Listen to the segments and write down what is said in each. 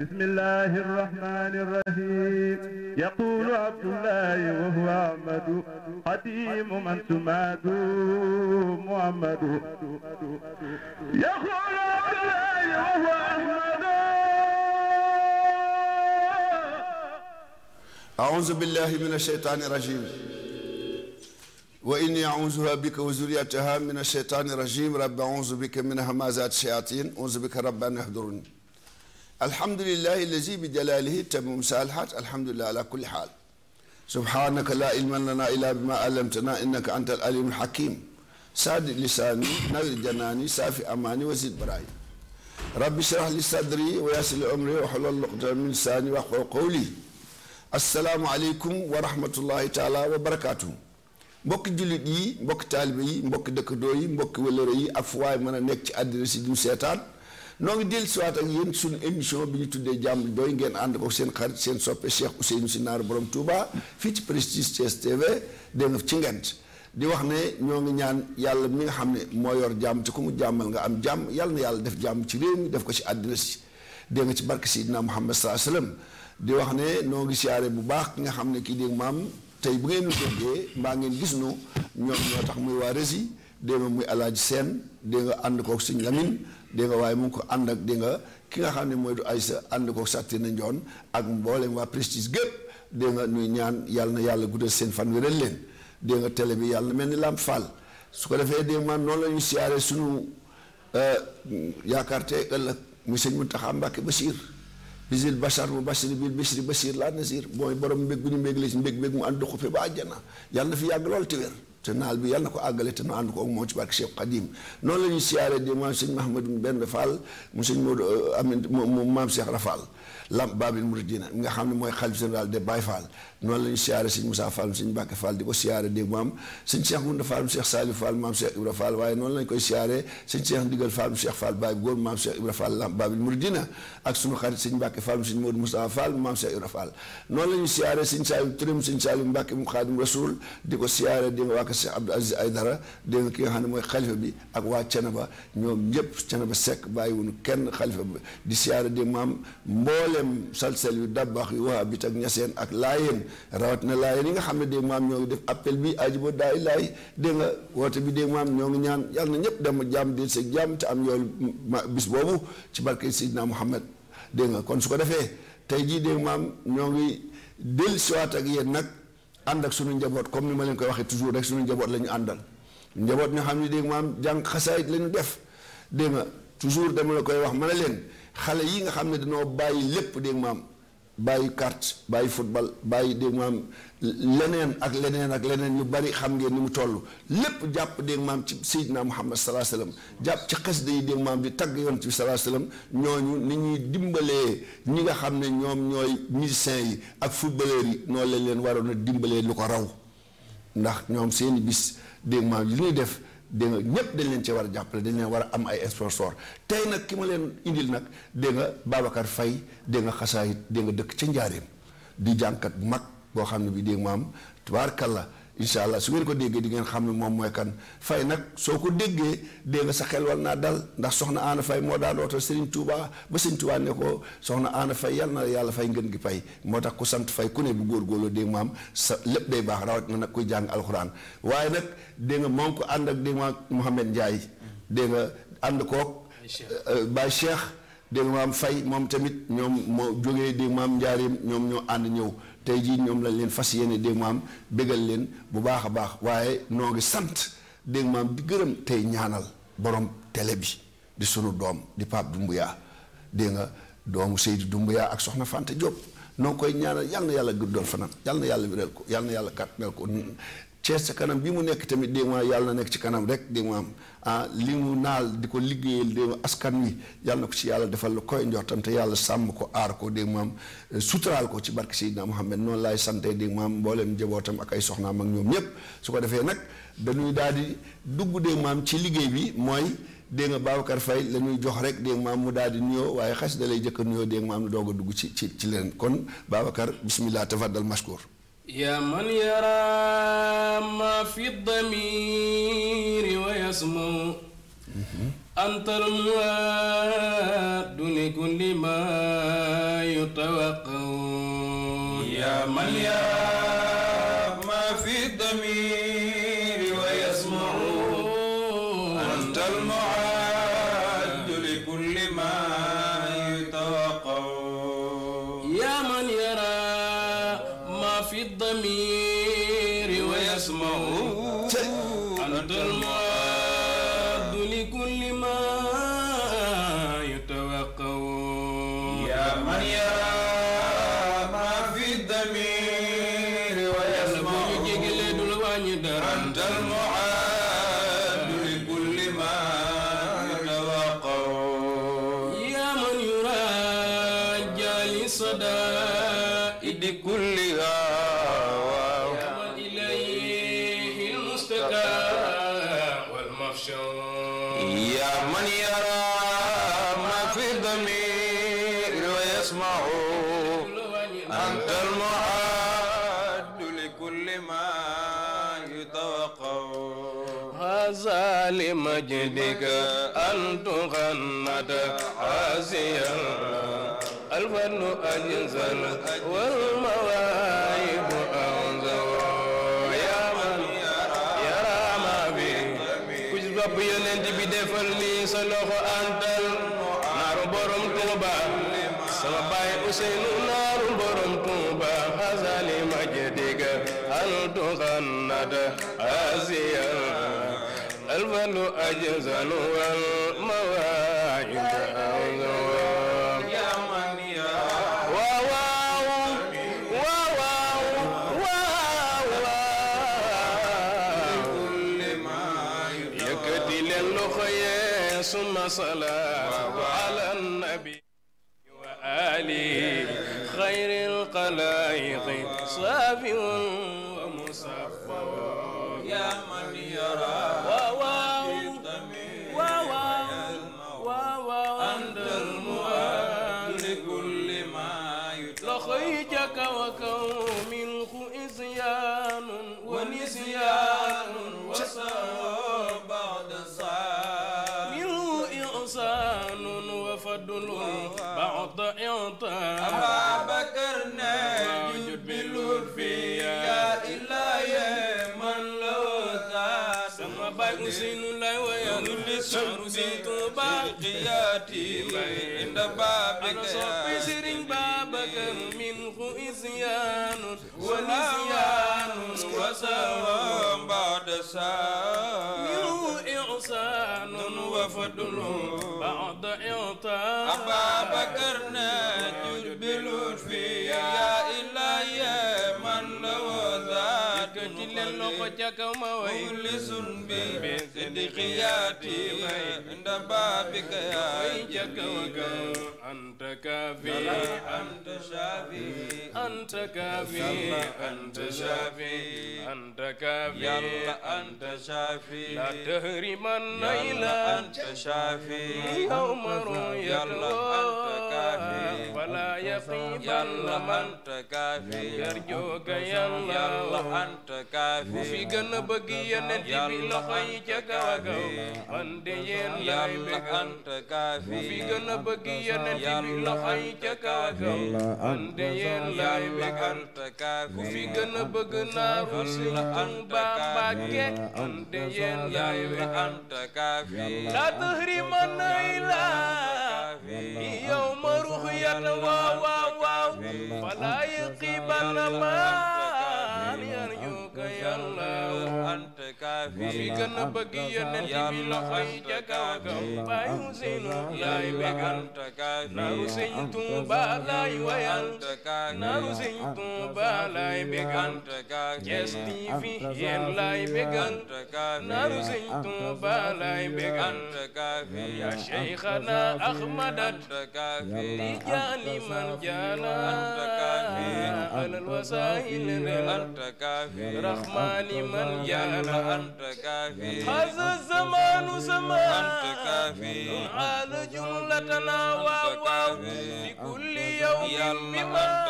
بسم الله الرحمن الرحيم يقول عبد الله وهو أحمد قديم من تماد محمد يقول عبد الله وهو أحمد أعوذ بالله من الشيطان الرجيم وإني أعوذها بك وزريتها من الشيطان الرجيم رب أعوذ بك من همازات الشياطين أعوذ بك رب أن يحضرني الحمد لله الذي بجلاله تم مسالحات الحمد لله على كل حال سبحانك لا علم لنا إلا بما علمتنا إنك أنت العليم الحكيم ساد لساني نغر جناني سافي أماني وزيد براي ربي شرح لي صدري ويسر عمري وحلل عقدة من لساني واحلل قولي السلام عليكم ورحمة الله تعالى وبركاته mbokk jullit yi mbokk taalibe yi mbokk dëkkandoo yi mbokk wëlëre yi ak fu waay ci àddina du seetaan noo ngi dellu siwaat ak yéen suñu émission bi ñu tuddee jàmm doy ngeen ànd ko seen xarit seen soppe Cheikh Ousseynou si Naaru Borom Touba fii ci Prestige Thiès TV dégg nga ci ngent di wax ne ñoo ngi ñaan yàlla mi nga xam ne moo yor jàmm te ku mu jàmmal nga am jàmm yàlla na yàlla def jàmm ci réew mi def ko ci àddina si dégg nga ci barke Seydina Muhammad sallallahu sa wasallam di wax ne noo ngi siyaare bu baax ki nga xam ne kii dégg maam tey bu ngeen déggee mbaa ngeen gis nu ñoom tax muy waa Rési dégg muy alaaji seen dégg nga ànd kook suñ Lamine dégg nga waaye mu ngi ko ànd ak dégg nga ki nga xam ne mooy du ay sa ànd ko Satina Ndione ak mboolem waa Prestige gépp dégg nga ñuy ñaan yàlla na yàlla guddal seen fan wéral leen dégg tele télé bi yàlla na mel ni Lamp Fall su ko defee dégg man noonu la ñu siyaare sunu euh, yaakaar te ëllëg mu sëñ Muntaxa Mbàkke Basiir bisil bachar mu bachir bil bishri bashir laa nasir mooy borom mbég bu ñu mbég la si mbég mbég mu ànd xuppe ba na yàlla na fi yàgg lool تنال بي يالنا كو اغالي تنو اند كو مو تبارك شيخ قديم نون لا ني سياري دي مام سيغ محمد بن فال مو سيغ مود امين مو مام شيخ رفال لام باب المرجين ميغا خامني موي خالد جنرال دي باي فال نون لا ني سياري سيغ موسى فال سيغ باك فال ديكو سياري دي مام سيغ شيخ موند فال شيخ سالي فال مام شيخ ابرا فال واي نون لا نكوي سياري سيغ شيخ ديغال فال شيخ فال باي غور مام شيخ ابرا لام باب المرجين اك سونو خالد باك فال سيغ مود موسى فال مام شيخ ابرا فال نون لا ني سياري سيغ سالي تريم مخادم رسول ديكو سياري دي واك Cheikh Abdou Aziz Aydara dégg ki nga xam ne mooy xalifa bi ak waa Ceneba ñoom ñëpp Ceneba Seck bàyyiwuñu kenn xalifa bi di siyaare di maam mbooleem salsel yu dabbaax yu waa bit ak ñaseen ak laayeen rawat na laayeen yi nga xam ne dégg maam ñoo ngi def appel bi ajibo daay laay dégg woote bi dégg maam ñoo ngi ñaan yàlla na ñëpp dem jàmm di sa jàmm te am yoolu bis boobu ci barke Seydina Muhammad dégg nga kon su ko defee tey jii dégg maam ñoo ngi dellusiwaat and ak suñu njabot comme ni ma leen koy waxe toujours rek suñu njabot lañu andal njabot ñu xamni deg maam jank xasaay lañu def deg ma toujours dama la koy wax ma leen xalé yi nga xamni dañoo bayyi lepp deg maam bàyyi carte bàyyi football bàyyi dégg leneen ak leneen ak leneen yu bari xam ngeen ni mu toll lépp jàpp dégg maam ci Seydina Muhammad salaa jàpp ci xes yi dégg maam di tagg yonent bi salaa ñooñu ni ñuy dimbalee ñi nga xam ne ñoom ñooy musiciens yi ak footballeurs yi noonu lañ leen waroon a dimbalee lu ko raw ndax ñoom seeni bis dégg maam li def dégg nga ñëpp dañ leen ci war a jàppale dañ leen war a am ay sponsor tey nag ki ma leen indil nag dégg nga Babacar fay dégg nga xasaa it dégg nga dëkk ca njaareem di jànkat bu mag boo xam ne bi dégg am maam kalla incha allah su ngeen ko déggee di ngeen xam ne moom mooy kan fay nag soo ko déggee dégg nga sa xel war naa dal ndax soxna aana fay moo daan dootal Serigne Touba ba Serigne Touba ne ko soxna aana fay yàlla na yàlla fay ngeen gi fay moo tax ku sant fay ku ne bu góorgóorloo dégg maam sa lépp day baax rawat na nag kuy jàng alxuraan waaye nag dégg nga moom ko ànd ak dégg maam Mouhamed Ndiaye dégg nga ànd koog euh, Baye Cheikh dégg maam fay moom tamit ñoom moo jógee dégg maam njaarim ñoom ñoo ànd ñëw tey jii ñoom lañ leen fas yéene dégg maam leen bu baax a baax waaye noo ngi sant dégg di gërëm tey ñaanal borom télé bi di sunu doom di Pape Doumbouya dégg nga doomu Seydou dumbuyaa ak Soxna Fante Diop noo koy ñaanal yal yàlla guddal fanam yal na yàlla wéral ko yal na yàlla kàttanal ko Cees ca kanam bi mu nekk tamit dégg nga na nekk ci kanam rek dégg nga ah li mu naal di ko liggéeyal dégg askan wi yàlla na ko ci yàlla defal lu koy njortam te yàlla sàmm ko aar ko dégg eh, suturaal ko ci barke Seydina Muhammad noonu laay sante dégg nga mboolem njabootam ak ay soxnaam ak ñoom ñëpp su ko defee nag dañuy daal di dugg dégg nga ci liggéey bi mooy. dégg nga Babacar Faye la ñuy jox rek dégg maam mu daal di nuyoo waaye xas dalay lay jëkk nuyoo dégg maam doog a dugg ci ci ci leen kon Babacar bismillah tafaddal mashkur yaa man yaraa ma fi damiri wa yasmaw antal muwaaddu li kulli ma yutawaqaw yaa man yaraa في الضمير ويسمعون بك أن تغنت عاسيا الفن أجزل والمواهب أنزل يا من يرى ما بي كجب يونت بي دفل لي سلوخ أنتل نار برم توبا sama baay Useynu naaru borom Tuuba xasali majdiga al tuxannat asiya المن أجزل والمواعد أوزل يا من يا واو واو واو لكل ما يكتل اللخي ثم صلاة على النبي وآله خير القلائق صافي ومصفى يا من يرى سين لا ويا شعر سين توبا قياتي عند بابك يا سيرين بابك منه إزيان ونسيان وسوى بعد ساعة إعصان وفضل بعد إعطاء أبا بكر ناجر بلطف يا إلهي من لو ذات تلل قتك مويل سنبي صدقياتي عند بابك يا جكوك أنت كافي أنت شافي أنت كافي أنت شافي أنت كافي يلا أنت شافي لا تهرمن إلا أنت شافي يوم يلا أنت كافي ولا يقيبن يلا أنت كافي يرجوك يلا يلا أنت كافي وفي قلبك يا نجيب لخيك tawagaw man de yéen yaay bu fi gën a bëgg naaru si tun bambake man de yéen yaay bëgg anta la tahriman ila ma ruux yan waaw waaw waaw falaa yaqiban ma kaafi fi gën a bëgg yónent bi loxo yi ca kaw kaw baay Useynu laay bégal naaru sëñ Tuuba laay wayal naaru sëñ Tuuba laay bégal Thiès TV yéen laay bégal naaru sëñ Tuuba laay bégal yaa Cheikhana Ahmadat Tijaani man jaana alal wasaa'il rahmaani man jaana أنت كافي هذا الزمان زمان أنت كافي عال جملتنا وأبواب في كل يوم بما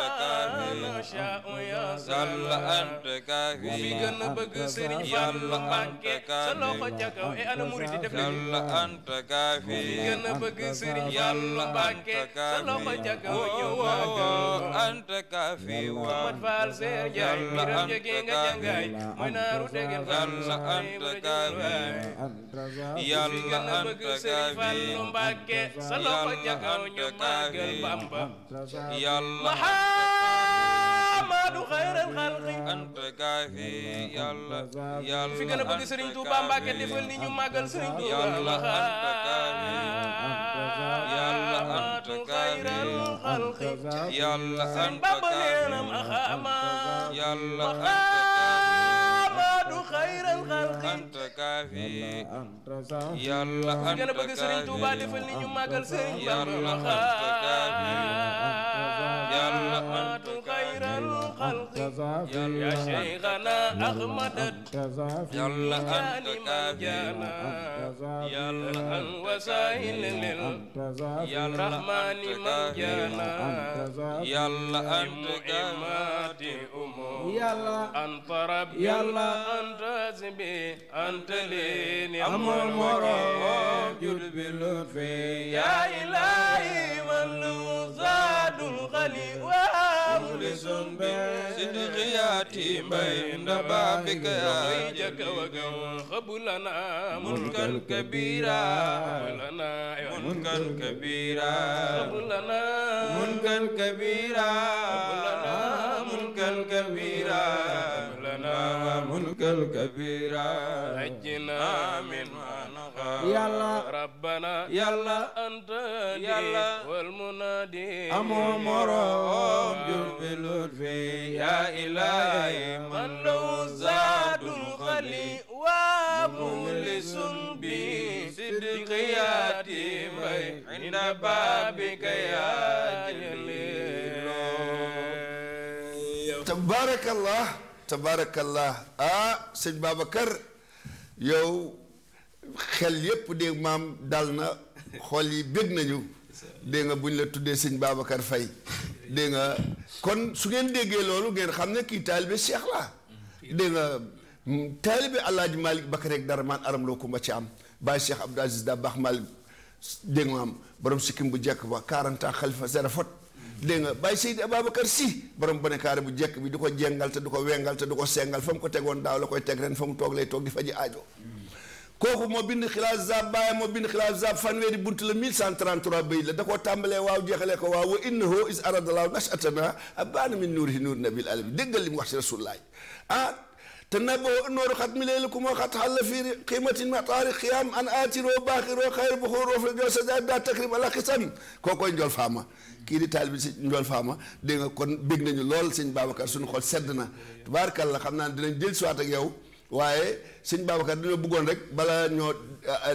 نشاء يا سل أنت كافي في جنبك سري يلا أنت كافي سل أنت كافي في جنبك سري يلا أنت كافي أنت كافي وأنت كافي يلا أنت كافي anta kaafi yàlla anta kaafi yàlla anta kaafi yàlla Muhammadu xayral xalqi anta kaafi yàlla yàlla fi gën a bëgg Serigne Touba Mbacke defal ni ñu màggal Serigne Touba yàlla anta kaafi yàlla anta kaafi yàlla anta kaafi yàlla anta kaafi yàlla anta kaafi yàlla anta kaafi الخلق يا شيخنا أغمدت يلا أنت كافينا يلا عن وسائل يا الرحمن مجانا يلا أنت كافينا يلا أنت ربي يلا أنت رزبي أنت لي نعم المراد باللطف يا إلهي من زاد الغلي sidqiyaati mbay nda baabik yaa jaka wagaw xabulana munkan kabira xabulana munkan kabira xabulana munkan kabira xabulana munkan kabira xabulana munkan kabira ajjina min yàlla rabbana yàlla antani yàlla wal munadi amoo moroom jurbilul fi ya ilahi man law zaadul xali wa mulisun bi siddiqiyati bay inda babika ya jalil tabarakallah tabarakallah ah sëñ Babacar yow xel yépp dégg maam dal na xool yi bëgg nañu dégg bu ñu la tuddee sëñ baabakar Faye dégg nga kon su ngeen déggee loolu ngeen xam ne kii taalibe Cheikh la dégg nga taalibe Alaaji Malick Bakar rek dara maan aram loo kumba ci am bàyyi Cheikh Abdou Aziz da baax Malick dégg nga maam borom sikkim bu jekk ba 40 ans xalifa serafot dégg nga bàyyi Seydi Ababacar Si borom bonekaare bu jekk bi du ko jengal te du ko wengal te du ko sengal fa mu ko tegoon daaw la koy teg ren fa mu toog lay toog di fa aajo kooku moo bind xilaas zaab baay moo bind xilaas zaab fanweeri bunt la 1133 bayit la da koo tàmbalee waaw jeexalee ko waaw wa innahu is aradalaahu nashatana abbaana min nuurihi nuur nabil alamin déggal li mu wax si rasulullahi ah te naboo nooru xat mi leelu ku moo xat xalla fi qimatin mataari qiyam an aatiroo baaxiroo xayr buxoo roof la jool sajaar daa takrib ala xisan kookoy njool faama kii di taalibi si njool faama dégg nga kon bég nañu lool sëñ Babacar suñu xol sedd na tubaarkalla xam naa dinañ jël suwaat ak yow waaye sëñ Babacar dañoo bëggoon rek balaa ñoo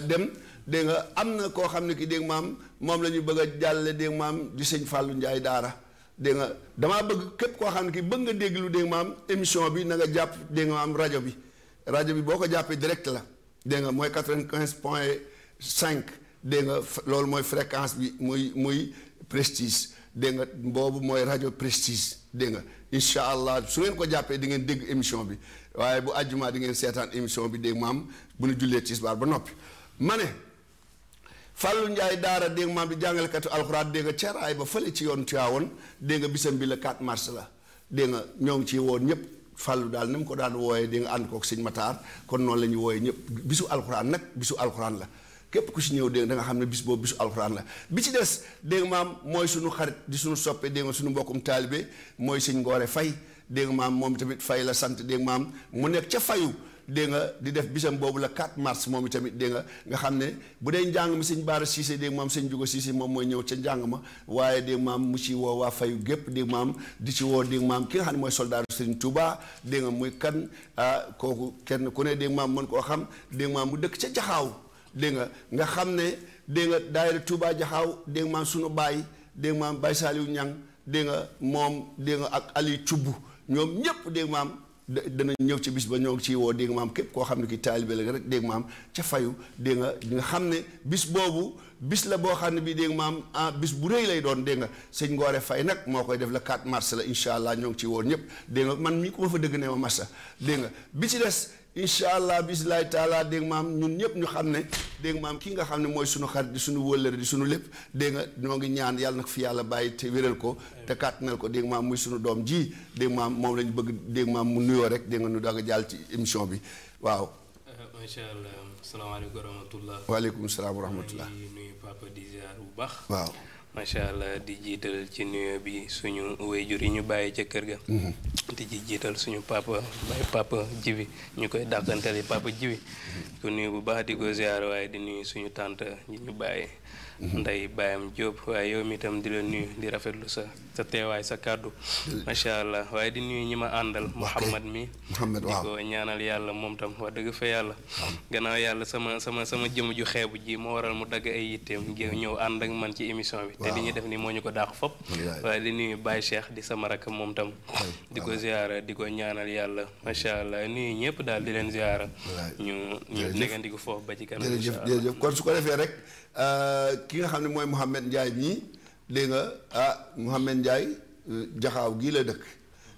dem dégg nga am na koo xam ne ki dégg maam moom la ñu bëgg a jàlle dégg maam di sëñ Fallou Ndiaye Daara dégg nga damaa bëgg képp koo xam ne ki bëgg nga déglu dégg maam émission bi na nga jàpp dégg nga maam rajo bi rajo bi boo ko jàppee direct la dégg nga mooy quatre-vingt-quinze point cinq dégg nga loolu mooy fréquence bi muy muy prestige dégg nga boobu mooy rajo prestige dégg nga incha allah su ngeen ko jàppee di ngeen dégg émission bi waaye bu àjjuma di ngeen seetaan émission bi dégg maam bu nu jullee tisbaar ba noppi ma ne Fallou Ndiaye daara dégg maam di jàngalekatu alxuraan dégg nga ceraay ba fële ci yoon Tiwaawoon dégg nga bisam bi la 4 mars la dégg nga ñoo ngi ciy woon ñëpp Fallou daal ni mu ko daan wooyee dégg nga ànd kook sëñ Mataar kon noonu la ñuy wooyee ñëpp bisu alxuraan nag bisu alxuraan la képp ku si ñëw dégg da xam ne bis boobu bisu alxuraan la bi ci des dégg maam mooy suñu xarit di suñu soppe dégg nga suñu mbokkum taalibe mooy sëñ ngoore fay dégg maam moom tamit fay la sant dégg maam mu nekk ca fayu dégg di def bisam boobu la 4 mars moom itamit dégg nga nga xam ne bu dee njàng mi sëñ Baara Cissé dégg maam sëñ Jugo Cissé moom mooy ñëw ca njàng ma waaye dégg maam mu ci woo waa fayu gépp dégg maam di ci woo dégg maam ki nga xam ne mooy soldaaru sëñ Touba dégg muy kan ah kooku kenn ku ne dégg maam mën koo xam dégg maam dëkk ca jaxaaw dégg nga nga xam ne dégg nga daayira Touba Jaxaaw dégg nga maam sunu baay dégg nga maam Baye Saliou Ñang dégg nga moom dégg nga ak Aliou Cubb ñoom ñëpp dégg maam dana ñëw ci bis ba ñoo ngi woo dégg maam képp koo xam ne ki taalibe la rek dégg maam ca fayu dégg nga nga xam ne bis boobu bis la boo xam ne bii dégg maam ah bis bu rëy lay doon dégg nga sëñ Ngoore Fay nag moo koy def la 4 mars la incha allah ñoo ngi ciy ñëpp dégg nga man mii ku ma fa dëgg nee ma marsa dégg nga bi ci des incha allah bis bisimilah taalaa dégg maam ñun ñëpp ñu xam ne dégg maam kii nga xam ne mooy suñu xarit di suñu wëllëre di suñu lépp dégg nga ñoo ngi ñaan yàlla na ko yàlla bàyyi te wéral ko te kàttanal ko dégg maam muy sunu doom ji dégg maam moom lañ bëgg dégg maam mu nuyoo rek dégg nga nu daga jàll ci émission bi waaw. macha uh-huh, allah salaamaaleykum wa rahmatulah. waaleykum salaam wa rahmatulah. nuyu papa bu baax. waaw. macha allah di jiital ci nuyo bi suñu wéyjur yi ñu bàyyi ca kër ga. Mm-hmm. di ci jiital suñu papa bay papa jibi ñu koy dàqantali papa jiwi mm-hmm. ko nuyu bu baax di ko ziar waaye di nuyu suñu tante ñi ñu bàyyi. Mhm. nday Bayam Diop waaye yow mi itam di la nuyu di rafetlu sa sa teewaay sa kàddu macha allah waaye di nuyu ñi ma àndal Mouhamad mi di ko ñaanal yàlla moom tam wax dëgg fa yàlla gannaaw yàlla sama sama sama jëm ju xeebu ji moo waral mu dagg ay yitteem ngir ñëw ànd ak man ci émission bi te ñuy def ni moo ñu ko daax fop di nuyu Baye Cheikh di sama rakk moom tam di ko ziyaara di ko ñaanal yàlla macha allah nuyu ñëpp daal di leen ziyaara ñu ñu nekkandiku foofu ba ci kanam jërëjëf jërëjëf kon su ko defee rek euh, ki nga xam ne mooy Mouhamed Ndiaye ñii dégg nga ah Mouhamed Ndiaye jaxaaw gii la dëkk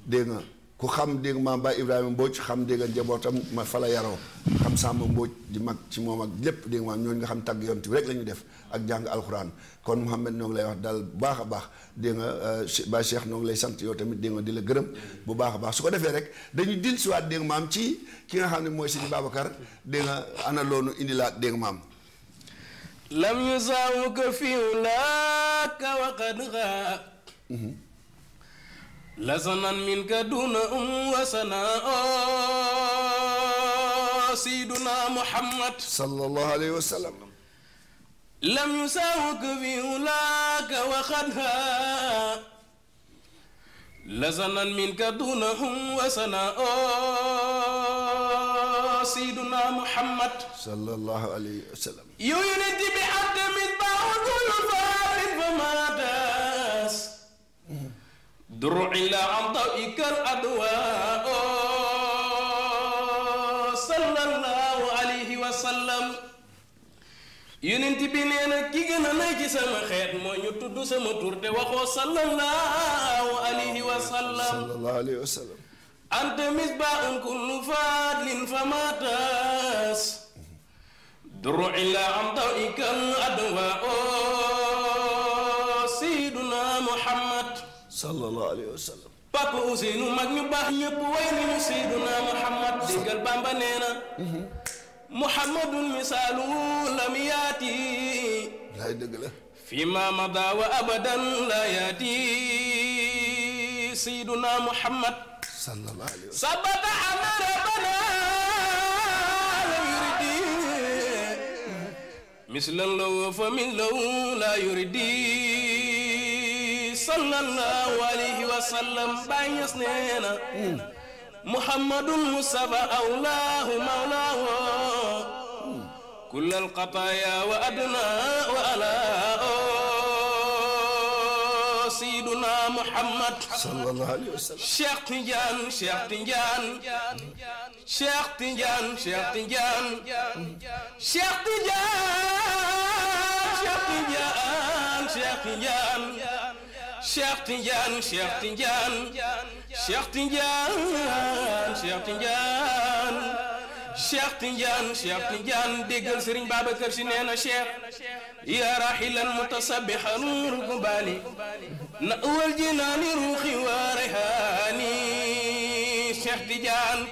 dégg nga ku xam dégg maam Baye Ibrahima Mbodj xam dégg nga njabootam ma fala yaroo xam Samba Mbodj di mag ci moom ak lépp dégg nga maam ñooñu nga xam tàgg yonti rek la ñu def ak jàng alxuraan kon Mouhamed noo ngi lay wax daal bu baax a baax dégg nga Baye Cheikh noo ngi lay sant yow tamit dégg nga di la gërëm bu baax a baax su ko defee rek dañu dil siwaat dégg ci ki nga xam ne mooy si Babacar dégg nga ana loonu indilaat dégg maam لم يساوك في ولاك وقد غاب لسنا منك دون أم وسنا سيدنا محمد صلى الله عليه وسلم لم يساوك في ولاك وقد غاب لسنا منك دون أم وسنا سيدنا محمد صلى الله عليه وسلم يولد بعدم بعض الفارق فما داس درع إلى عن ضوئك الأدواء صلى الله عليه وسلم yonent bi nee na ki gën a nay ci sama xeet mooy ñu tudd sama tur te waxoo sallallahu alayhi wa sallam sallallahu alayhi wa sallam أنت مصباح كل فادل فما تاس در إلا عن ضوئك الأدواء سيدنا محمد صلى الله عليه وسلم papa Ousseynou mag ñu baax ñëpp way nañu Seyduna Muhammad déggal Bamba nee na mhm. Muhammadun misaalu lam yaati laay dëgg la fi ma mada wa abadan la yaati Seyduna Muhammad sallallahu alayhi wa sallam sabata anna rabbana la yuridi mislan law fa min law la yuridi sallallahu alayhi wa sallam Baay Ñas nee na muhammadun mustafa awlaahu mawlaahu kullal qataaya wa adnaa wa Muhammad sallallahu alayhi wa sallam Cheikh Tidiane Cheikh Tidiane Cheikh Tidiane Cheikh Tidiane Cheikh Tidiane Cheikh Tidiane Cheikh Tidiane Cheikh Tidiane Cheikh Tidiane Cheikh Tidiane الشيخ تنجان الشيخ تنجان ديغل سرين بابا كرشي نينا شيخ يا راحلا متصبح نور قبالي نأول جناني روحي وريحاني الشيخ تنجان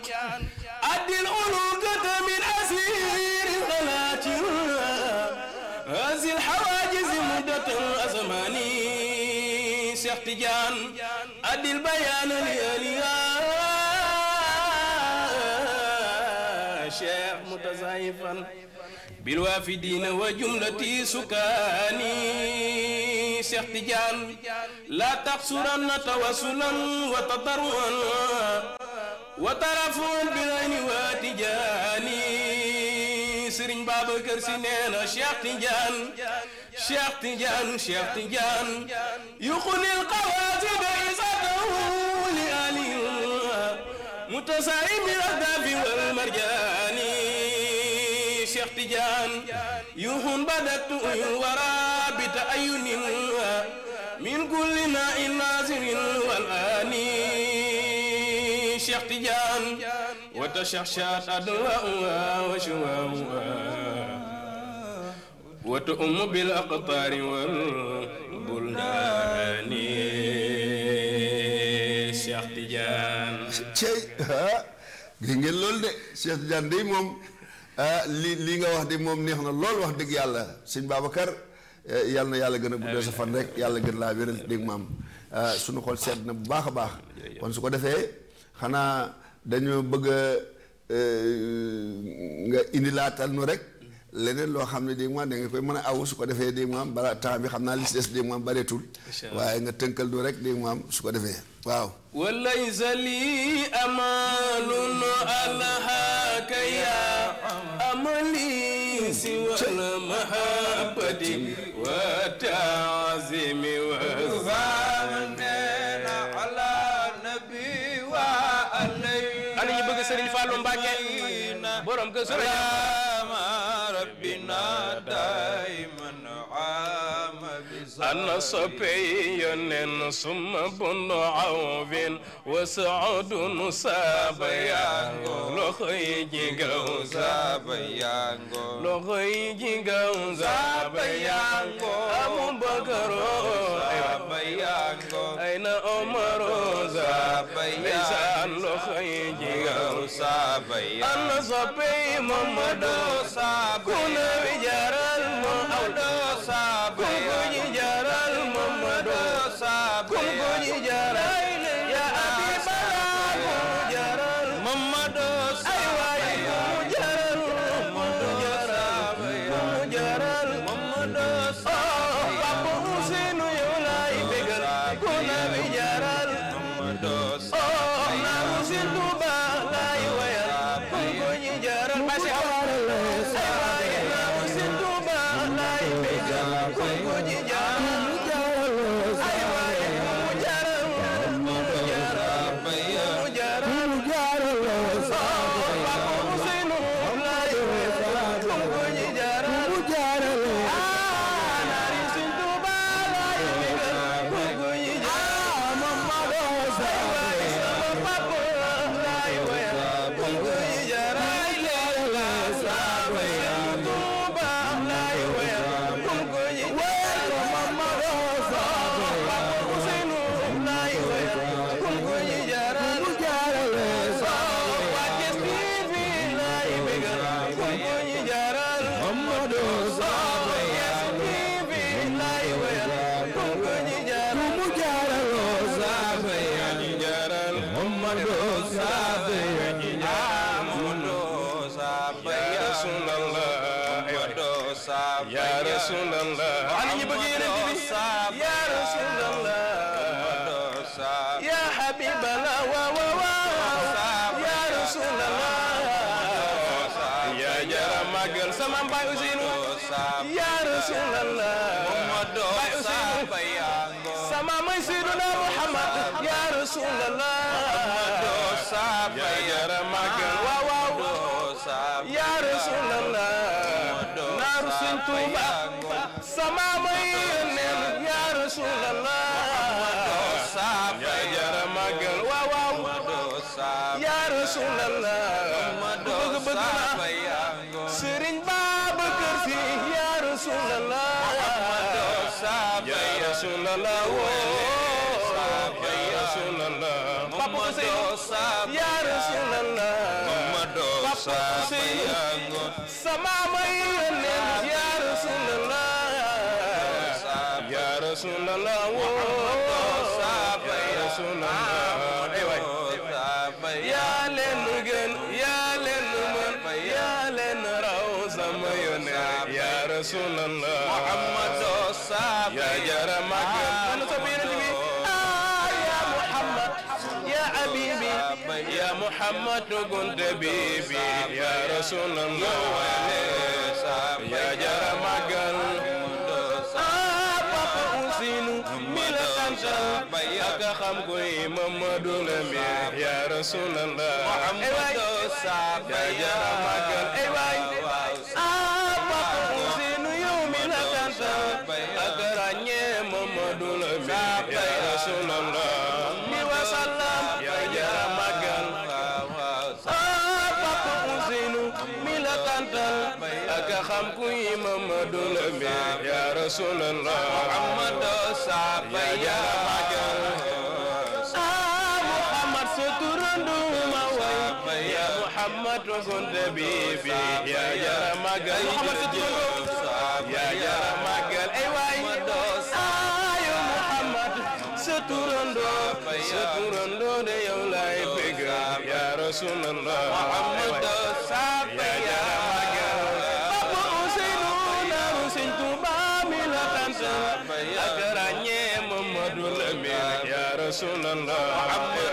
أدي الألوكة من أسير غلاتي هذه الحواجز مدة الأزماني الشيخ تنجان أدي البيان لأليان متزايفا بالوافدين وجملة سكاني شيخ تجان لا تقصرن توسلا وتضرعا وترفعا بالعين وتجاني سرين بابا كرسينينا شيخ تجان شيخ تجان شيخ تجان يخني القواتب عزته لآله متسائم الأهداف والمرجان يوح بدت يورى بتأين من كل ماء نازر والآني شيخ تجان وتشخشات أدواؤها وشواؤها وتؤم بالأقطار والبلدان شيخ تجان شيء ها ngeen lool de cheikh jandey moom ah li li nga wax de moom neex na lool wax dëgg yàlla sëñ Babacar eh, yàlla na yàlla gën a guddal sa fan rek yàlla gën laa wéral dégg maam ah, suñu xol sedd na bu baax a baax kon su ko defee xanaa dañoo bëgg a eh, nga indi laatal nu rek leneen loo xam ne dégg maam da nga koy mën a aw su ko defee dégg maam bala temps bi xam naa li si des dégg maam bareetul waaye nga tënkal du rek dégg maam su ko defee waaw walay sali amalun alhaaka ya أملي سوى المحبة والتعظيم والزمان على النبي وعلي أنا يبقى سرين فالو مباكي بورم كسر ربنا دائما أنا صبي ثم بن عوف وسعد سابيا لخي جيغو سابيا لخي جيغو سابيا أبو بكر سابيا أين عمر سابيا لخي جيغو سابيا أنا صبي محمد سابيا rasulallah ana ñi bëgg yonent bi ya rasulallah ya, ya habiballah wa wa wa ya rasulallah ya, ya jara magal sama mbay usinu ya rasulallah mbay usinu sama may sayyiduna muhammad ya Rasulullah, ya jara borom Tuuba sama may nen ya Rasulallah jara magal waaw waaw ya Rasulallah bëgg bëgg naa Serigne Babacar Si ya Rasulallah ya Rasulallah ya Rasulallah papa Sey ya Rasulallah papa Sey sama may nen ya رسول الله محمد الصافي يا جرمك يا محمد يا حبيبي يا محمد قلت بيبي يا رسول الله يا جرمك ak xam koy Mamadou Lamine ya Rasulallah Rasulullah Muhammad sabaya ah Muhammad suturundu ma way ya Muhammad kunte bi bi ya ya magal Muhammad suturundu ya ya magal ay way ayo Muhammad suturundu suturundu de yow lay bëgg ya Rasulullah Muhammad sabaya Rasulallah Muhammadu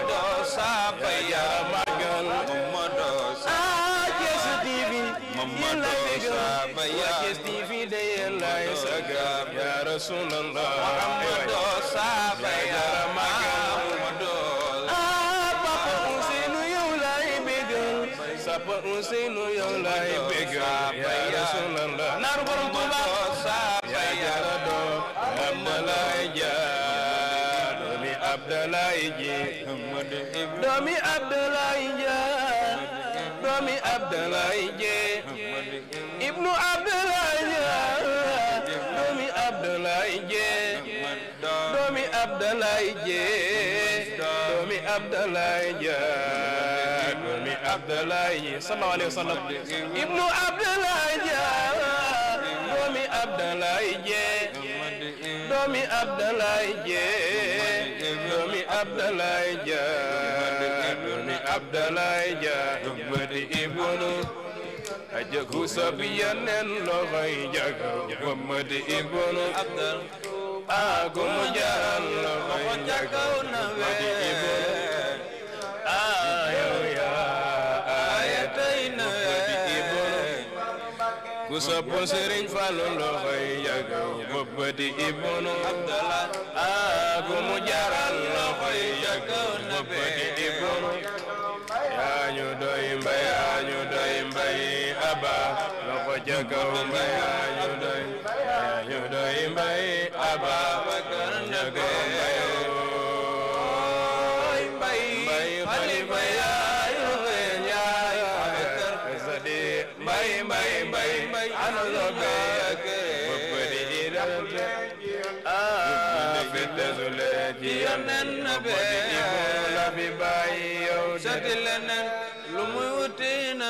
TV Muhammadu Samba ya Thiès TV de la Instagram ya Rasulallah Muhammadu Samba ya magal Muhammadu Papa Ousseynou yow laay bégal Papa Ousseynou yow Abdoulaye Ndiaye doomi Abdoulaye Ndiaye doomi Abdoulaye Ndiaye ibnu Abdoulaye Ndiaye doomi Abdoulaye Ndiaye doomi Abdoulaye Ndiaye doomi Abdoulaye Ndiaye doomi Abdoulaye Ndiaye sallallahu alayhi wa sallam ibnu Abdoulaye Ndiaye doomi Abdoulaye Ndiaye doomi Abdoulaye Ndiaye Abdoulaye Dia ibnu Abdoulaye Dia madi ibnu ajaku sabi yanen loxoy jaga madi ibnu Abdoulaye Dia agumu jaran loxoy jaga madi ibnu sopp Sëriñ Fallu loxoy yàgg bëbbati ibnu Abdallah aa ku mu jaral loxoy yàgg bëbbati ibnu yaa ñu doy mbay yaa ñu doy mbay aba loxo ca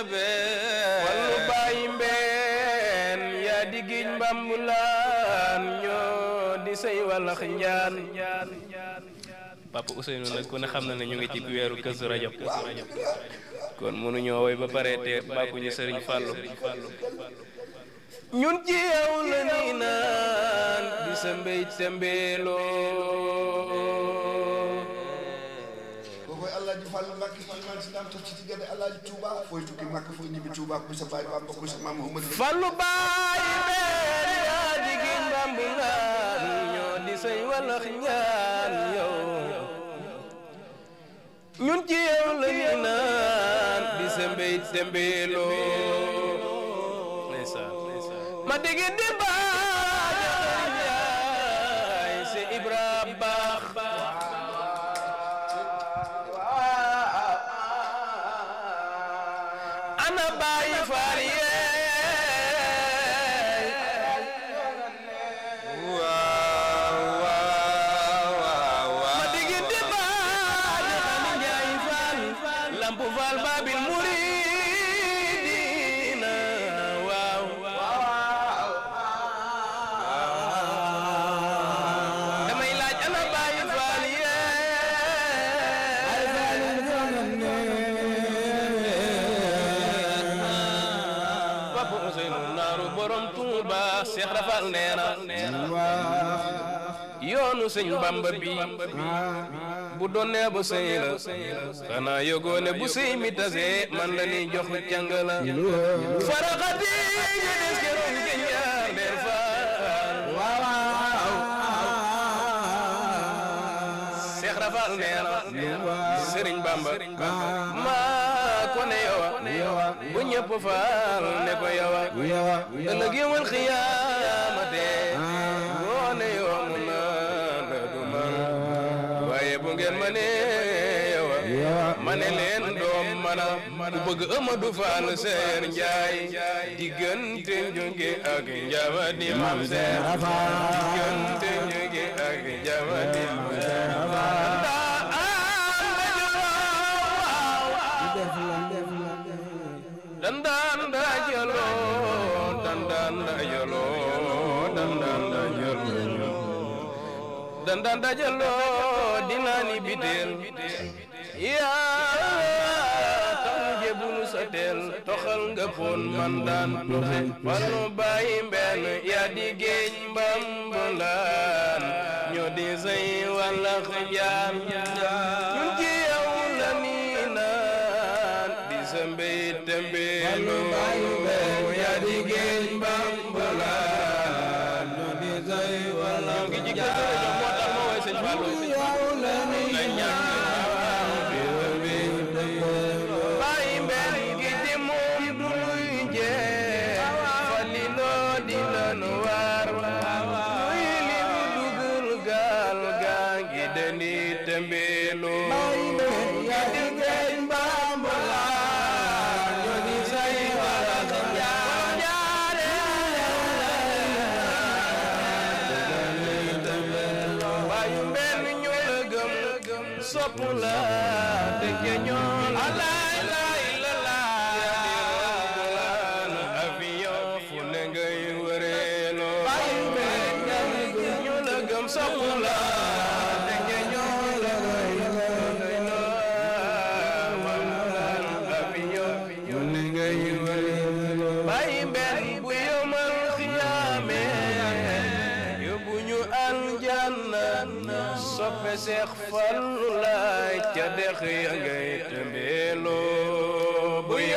be walu bay mbeen yaa di giñ mbambulaan di sey walax njaan Papa Ousseynou nag ku ne xam na ne ñu ngi ci weeru Kazu Rajab kon mënu ñoo way ba paré té bakuñu Serigne Fallou ñun ci yow la ni naan di sa mbey ko koy Allah di Fallou Mbacké présidente ci diggante Alaaji Touba fooy tukki màkk fooy ñibbi Touba baay Bamba ku sa maam ñun ci yow la ñu di sembey sembeeloo ma dégg di baay Touba Seex Rafal nee na yoonu sëñ Bamba bi bu donnee bu sëy la xanaa yógoo bu sëy mi man la ni jox càng la faraxati ñu des keroog ci ñaar der Bamba bépp faar ne ko yowa ëllëg yawmal xiyaamate boo yoomu na duma waaye bu ngeen ma ne yowa ma ne leen doom mana ku bëgg Amadou Fall Seer Njaay diggante njonge ak njaba di mam seer diggante njonge ak njaba di mam seer dandan dajaloo dinaani biteel yaa tax nu jebunu toxal nga poon man daan tuxe fal nu bàyyi mbenn yaa di géej mbambulaan ñoo di sey walla xijaan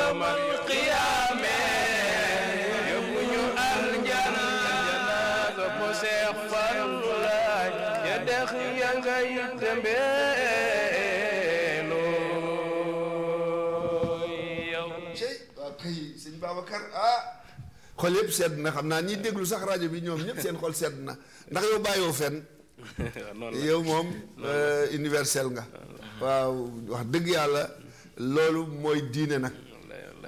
yawmal qiyaame yóbbu ñu aljana topp Seex Fallu laaj ya dex ya ngay tëmbeeloo yow waaw kay sëñ Babacar ah xol yëpp sedd na xam naa ñi déglu sax rajo bi ñoom ñëpp seen xol sedd na ndax yow bàyyoo fenn yow moom euh, universel nga waaw wax dëgg yàlla loolu mooy diine nag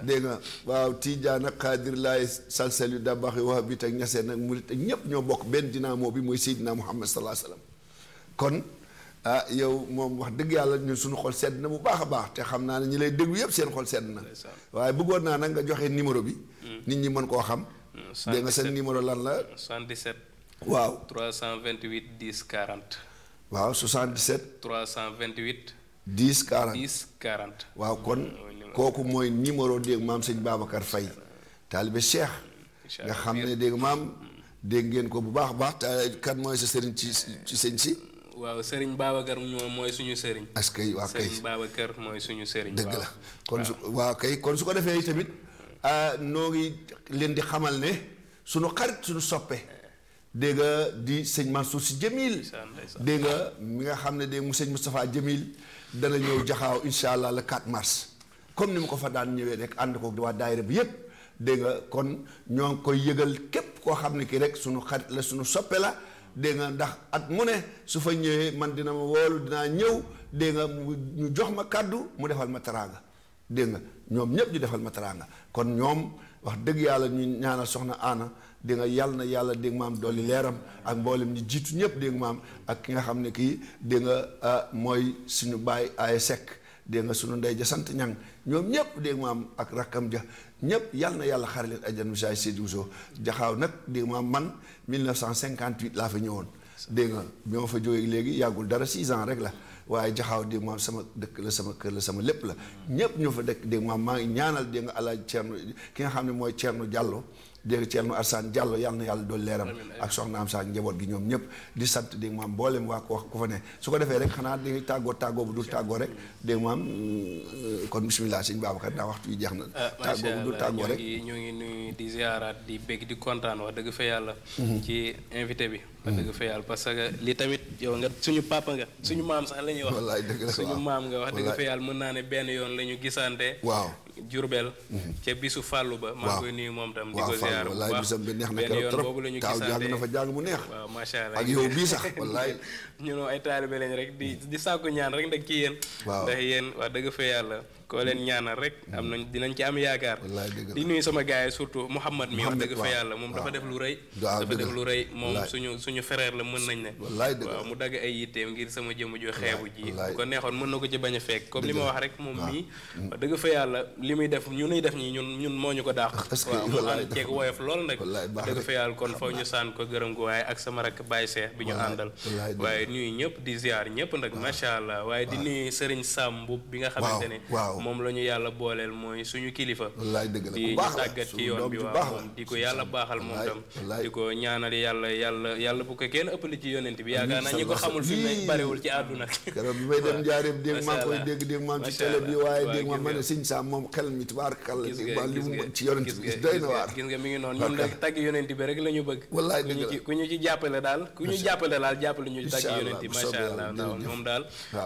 dégg nga waaw Tijaan ak Xaadir laay salsel yu dabax yi wax bi te ñasee nag mu ak ñépp ñoo bokk benn moo bi mooy Seydina Muhammad sallallahu alayhi wasallam kon ah yow moom wax dëgg yàlla ñun suñu xol sedd na bu baax a baax te xam naa ne ñi lay déglu yëpp seen xol sedd na waaye bëggoon naa nag nga joxe numéro bi hmm. nit ñi mën koo xam hmm, dégg nga seen numéro lan la 77 waaw 328 10 40 waaw 77 328 10 40 10 40 waaw kon hmm, kooku mooy numéro dégg maam sëñ Babacar Faye taalibe Cheikh nga xam ne dégg maam dégg ngeen ko bu baax baax kan mooy sa sëriñ ci ci sëñ si waaw sëriñ Babacar moom mooy suñu sëriñ est-ce que waa kay mooy suñu sëriñ dëgg la kon kay kon su ko defee tamit ah, noo ngi leen di xamal ne suñu xarit suñu soppe dégg nga di sëñ Mansour si Jamil dégg nga mi nga xam ne dégg mu sëñ Moustapha Jamil dana ñëw jaxaaw incha allah le 4 mars comme ni mu ko fa daan ñëwee rek ànd ko waa daayira bi yépp dégg nga kon ñoo ngi koy yëgal képp koo xam ne kii rek suñu xarit la suñu soppee la dégg nga ndax at mu ne su fa ñëwee man dina ma woolu dinaa ñëw dégg nga ñu jox ma kàddu mu defal ma teraanga dégg nga ñoom ñëpp ñu defal ma teraanga kon ñoom wax dëgg yàlla ñu ñaanal soxna aana dégg nga yàlla na yàlla dégg maam dolli leeram ak mboolem ñu jiitu ñëpp dégg maam ak ki nga xam ne kii dégg nga ah, mooy suñu baay ay sekk dégg nga suñu ndey ja sant ñang ñoom ñëpp dégg maam ak rakkam ja ñëpp yal na yàlla xare leen ajjan Moussa Seydi Bousso jaxaaw nag dégg maam man 1958 laa fa ñëwoon dégg nga ma fa jógee léegi yàggul dara 6 ans rek la waaye jaxaaw dégg maam sama dëkk la sama kër la sama lépp la ñëpp ñoo fa dëkk dégg maam maa ngi ñaanal dégg nga alaaj Cerno ki nga xam ne mooy Cerno jàlloo dégg Thierno Arsane Diallo yal na yàlla doo leeram ak soxna am saak njaboot gi ñoom ñëpp di sant dégg maam mboolem waa ko ku fa ne su ko defee rek xanaa di tàggoo tàggoo bu dul tàggoo rek dégg maam euh, kon bisimilah sëñ Babacar daa waxtu yi jeex na ah, tàggoo bu dul tàggoo rek ñoo ngi nuyu di ziaraat di bég di kontaan wax dëgg fa yàlla mhm. ci invité bi wax mhm. dëgg fa parce que li tamit yow nga suñu papa nga suñu maam sax la ñuy wax wallaay dëgg maam nga wax dëgg fa yàlla mën naa ne benn yoon la ñu gisante waaw Jurbel ca bisu fàllu ba maa koy nuyu moom tam di ko ziar bu baax bisam bi neex na keroog trop boobu la jàng mu neex ak yow bii sax wallaay ñu noo ay taalibe lañ rek di di sàkku ñaan rek nag ci yéen ndax ko leen ñaanal rek am nañ dinañ ci am yaakaar di nuyu sama gaay surtout Muhammad mi wax dëgg fa yàlla moom dafa def lu rëy dafa def lu rëy moom suñu suñu frère la mën nañ ne mu dagg ay yitteem ngir sama jëm ju xeebu ji ko neexoon mën na ko ci bañ a fekk comme li ma wax rek moom mii mm. dëgg fa yàlla li muy def ñu nuy def ñi ñun ñun moo ñu ko dàq waaw mu ànd ceeg woyof lool nag dëgg fa yàlla kon faw ñu saan ko gërëm ko waaye ak sama rak Baye Cheikh bi ñu àndal waaye nuyu ñëpp di ziar ñëpp nag macha allah di nuyu Serigne Sam Mboup bi nga xamante moom la ñu yàlla booleel mooy suñu kilifa wallaay dëgg la di ñu tàggat ci yoon bi waaw moom di ko yàlla baaxal moom tam di ko ñaanal yàlla yàlla yàlla bu ko kenn ëppale ci ko xamul fi mu bariwul ci àdduna keroog bi may dem jaareem dégg maa koy dégg dégg maam ci télé bi waaye dégg ma ma ne sëñ Sam moom xel mi tubaar xel dégg li mu mi ngi noonu ñun nag tagg la ñu bëgg wallaay dëgg la ku ñu jàppale daal ku ñu jàppale daal jàppale ñu tagg yonent bi macha allah moom daal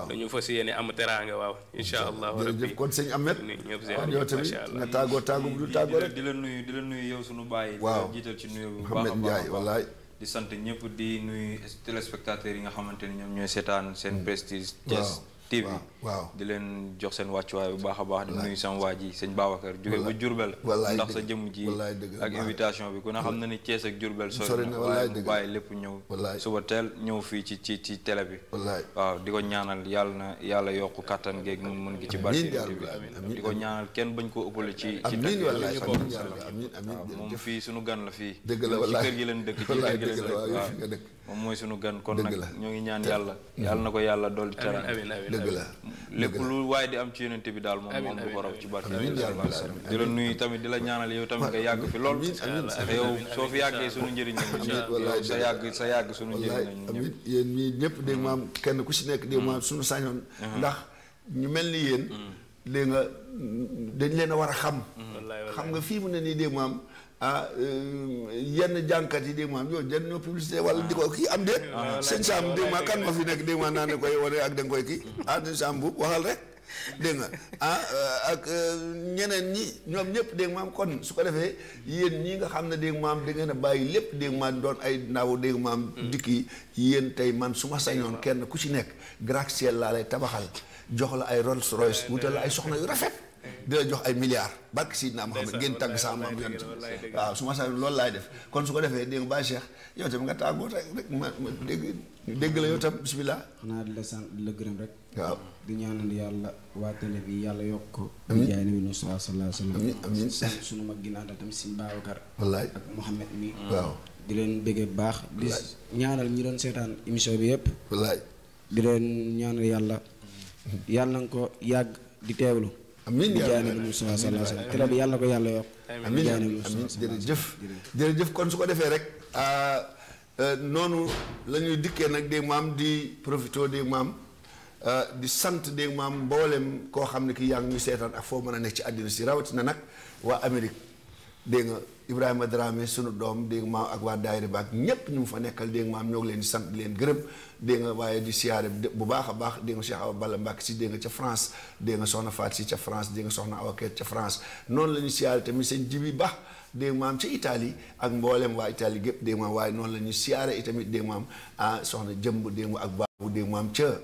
dañu fas yéene am teraanga waaw incha allah rabbi kon sëñ Ahmed. ñëpp ziar yow tamit nga tàggoo tàggoo bu dul tàggoo rek. di la nuyu di la nuyu yow sunu bàyyi. waaw jiital ci nuyu bu baax a baax wallaay. di sant ñëpp di nuyu téléspectateurs yi nga xamante ni ñoom ñooy seetaan seen mm. prestige. waaw TV waaw di leen jox seen wàccuwaay bu baax a baax di nuyu sama waa ji sëñ Babacar jóge ba Jurbel ndax sa jëm ji ak invitation bi ku ne xam na ni Thiès ak Jurbel sori na waaye mu bàyyi lépp ñëw suba teel ñëw fii ci ci ci télé bi waaw di ko ñaanal yàlla na yàlla yokk kattan géeg mun mun gi ci barke di ko ñaanal kenn bañ ko ëppale ci ci tànk moom fii suñu gan la fii ci kër gi leen dëkk ci kër gi leen dëkk moom mooy sunu gan kon nag ñoo ngi ñaan yàlla yàlla na ko yàlla dolli teraan dëgg la lépp lu waaye di am ci yonent bi daal moom moom du ko raw ci barke di la nuyu tamit di la ñaanal yow tamit nga yàgg fi lool yow soo fi yàggee sunu njëriñ la sa yàgg sa yàgg sunu njëriñ la ñu ñëpp yéen ku si nekk dégg maam sunu sañoon uh-huh. ndax ñu mel ni yéen léegi mm. nga dañ leen a war a xam mm. xam nga fii mu ne nii dégg maam ah euh, yenn jànkat yi dégg nga maanaam yow jënd ñoo publicité wala di ko kii am déet. Ah, sëñ Sam dégg ma kan ma fi nekk dégg ma naan ne koy wane ak da nga koy kii ah sëñ Sam bu waxal rek dégg na ah euh, ak euh, ñeneen ñi ñoom ñëpp dégg maam kon su ko defee yéen ñi nga xam na dégg maam da ngeen bàyyi lépp dégg maam doon ay naaw dégg maam hmm. dikki yéen tey man su ma sañoon hmm. kenn ku si nekk gratte-ciel laa lay tabaxal jox la ay Rolls Royce eh, wutal la eh, ay soxna yu rafet. di jox ay milliards barke Sidna Muhammad ngeen tàgg sa maam yonent waaw ma sa loolu laay def kon su ko defee dégg nga Baye Cheikh yow tam nga tàggoo rek rek ma la yow tam bisimilah. naa di la sant la gërëm rek. waaw di ñaanal yàlla waa télé bi yàlla yokk ko. amiin jaay nabi nu sallallahu alayhi wa sallam. amiin amiin sant si mag ginnaaw daal tamit Sëñ Babacar. wallaay ak Mouhamed mi. waaw di leen bëggee baax. di ñaanal ñi doon seetaan émission bi yëpp. wallaay di leen ñaanal yàlla. Mm-hmm. yàlla na ko yàgg di teewlu. amiin télé bi yàlla na ko yàlla yokk. amiin amiin jërëjëf. jërëjëf kon su ko defee rek. Ah, eh, noonu lañuy dikkee nag dégg maam di profito dégg maam ah, di sant dégg maam mboolem koo xam ne ki yaa ngi ñu seetaan ak foo mën a nekk ci àddina si rawatina nag waa Amérique dégg nga. Ibrahima Dramé sunu doom dégg maam ak waa daayira ba ak ñépp ñu mu fa nekkal dégg nga maam ñoo ngi leen di sant leen gërëm dégg nga waaye di siyaare bu baax a baax dégg nga Cheikh Awa Balla Mbacke si dégg nga ca France dégg nga soxna Faat ca France dégg nga soxna Awa ca France noonu la siyaare tamit sëñ Jibi Ba dégg maam ci Italie ak mboolem waa Italie gépp dégg maam waaye noonu la ñu siyaare itamit dégg maam ah soxna jëmb dégg ak baabu dégg maam ca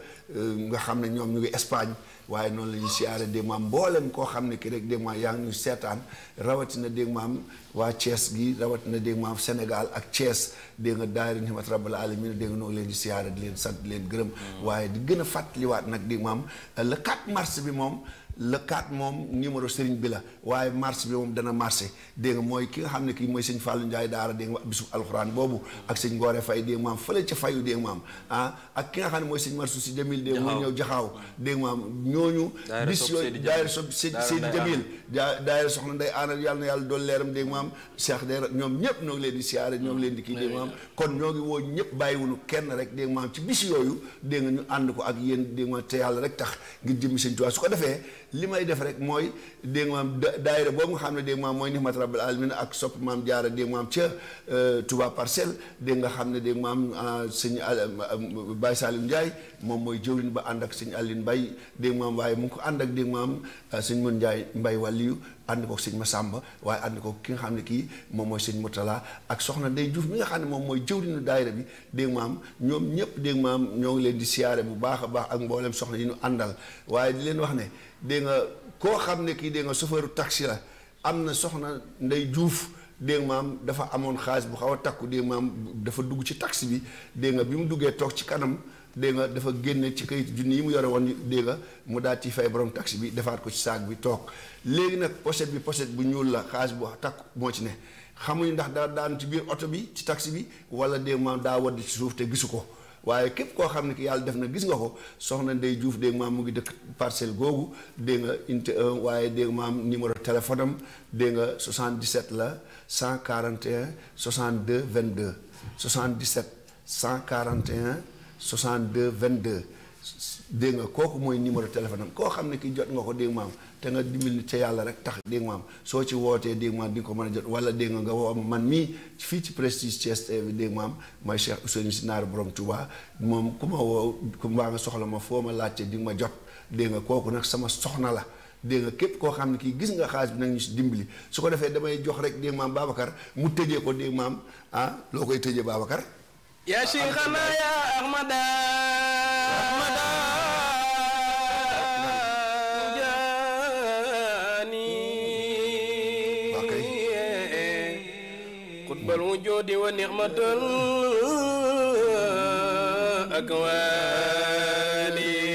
nga xam ne ñoom ñu ngi Espagne waaye noonu la ñu siyaare dégg maam mboolem koo xam ne ki rek dégg maam yaa ngi ñu seetaan rawatina dégg maam waa Thiès gi rawatina dégg maam Sénégal ak Thiès dégg nga daari nimat rabbal alamin dégg nga noo leen di siyaare di leen sant di leen gërëm waaye di gën a fàttaliwaat nag dégg maam le 4 bi moom le 4 moom numéro sëriñ bi la waaye mars bi moom dana marché dégg mooy ki nga xam ne kii mooy sëñ Fallou Ndiaye daal dégg nga bisu alxuraan boobu ak sëñ Ngoore Fay dégg maam fële ca fayu dégg ak ki nga xam ne mooy sëñ Marsu si Jamil dégg mooy ñëw jaxaaw dégg maam ñooñu bis yooyu daayira sob Seydi Jamil daayira soxna nday yàlla na yàlla dool leeram dégg maam Cheikh ñoom ñëpp ñoo ngi leen di siyaare ñoo ngi leen di kii dégg maam kon ñoo ngi woo ñëpp bàyyiwunu kenn rek dégg maam ci bis yooyu dégg nga ñu ànd ko ak yéen dégg maam te yàlla rek tax ngir jëmmi sëñ Tuubaa su ko defee li may def rek mooy dégg maam daayira boobu nga xam ne dégg maam mooy nix mat rabbil ak sopp maam jaara dégg maam ca euh, Touba Parcelles dégg nga xam ne dégg maam euh, sëñ euh, Baye Salim Ndiaye moom mooy jëwriñ ba ànd ak sëñ Aline mbay dégg maam waaye mu ko ànd ak dégg maam suñ Mun Ndiaye mbay wàlliyu ànd ko sëñ sàmba waaye ànd ko ki nga xam ne kii moom mooy sëñ Moutala ak soxna Ndey juuf mi nga xam ne moom mooy jëwriñu daayira bi dégg maam ñoom ñëpp dégg maam ñoo ngi leen di siyaare bu baax a baax ak mboolem soxna yu nu àndal waaye di leen wax ne dégg koo xam ne kii dégg nga chauffeur taxi la am na soxna Ndey juuf dégg maam dafa amoon xaalis bu xaw a takku dégg maam dafa dugg ci taxi bi dégg nga bi mu duggee toog ci kanam dégg nga dafa génn ci kayit junni yi mu yore woon dégg nga mu daal ci fay borom taxi bi defaat ko ci saag bi toog léegi nag pochette bi pochette bu ñuul la xaalis bu takk moo ci ne xamuñu ndax dara daanu ci biir oto bi ci taxi bi wala dégg maam daa wadd ci suuf te gisu ko waaye képp koo xam ne ki yàlla def na gis nga ko soxna Ndey juuf dégg maam mu ngi dëkk parcelle googu dégg nga unité waaye dégg maam numéro téléphone am dégg nga 77 la 141 62 22 77 141 62 22 dégg nga kooku mooy numéro téléphone koo xam ne ki jot nga ko dégg maam te nga dimbali ca yàlla rek tax dégg maam soo ci wootee dégg maam di nga ko mën a jot wala dégg nga nga woo man mii fii ci Prestige Thiès TV dégg maam mooy Cheikh Ousseynou Sy Naaru Borom moom ku ma woo ku mbaa nga soxla ma foo ma laajte di ma jot dégg nga kooku nag sama soxna la dégg képp koo xam ne kii gis nga xaalis bi nag ñu si dimbali su ko defee damay jox rek dégg maam Babacar mu tëjee ko dégg maam ah loo koy tëjee Babacar يا شيخنا يا أحمد أحمد جاني قطب الوجود ونعمة الأكوان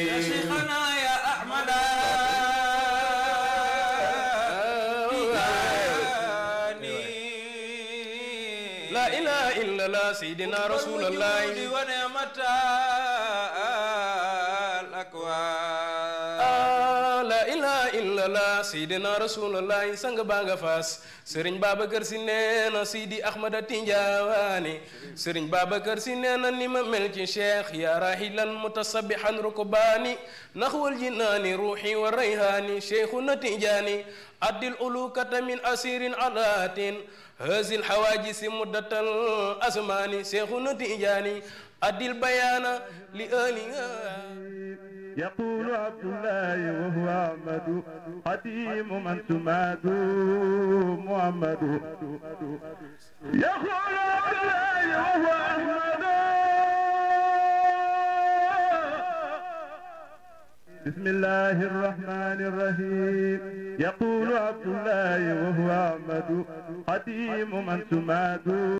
ala sayyidina rasulillahi wa ni'mata rasulallah seydina rasulallah sang faas sëriñ Babacar si nee na ahmada tinjaawaani sëriñ Babacar si nee na ni ma mel rahilan mutasabihan rukubaani naxwal jinaani ruuxi wa rayhaani tijaani addil ulukata min asirin alatin hasil hawaajisi muddatal asmaani cheikhuna tijaani addil bayaana li aliha يقول عبد الله وهو أحمد قديم من تماد محمد يقول عبد الله وهو أحمد بسم الله الرحمن الرحيم يقول عبد الله وهو أحمد قديم من تماد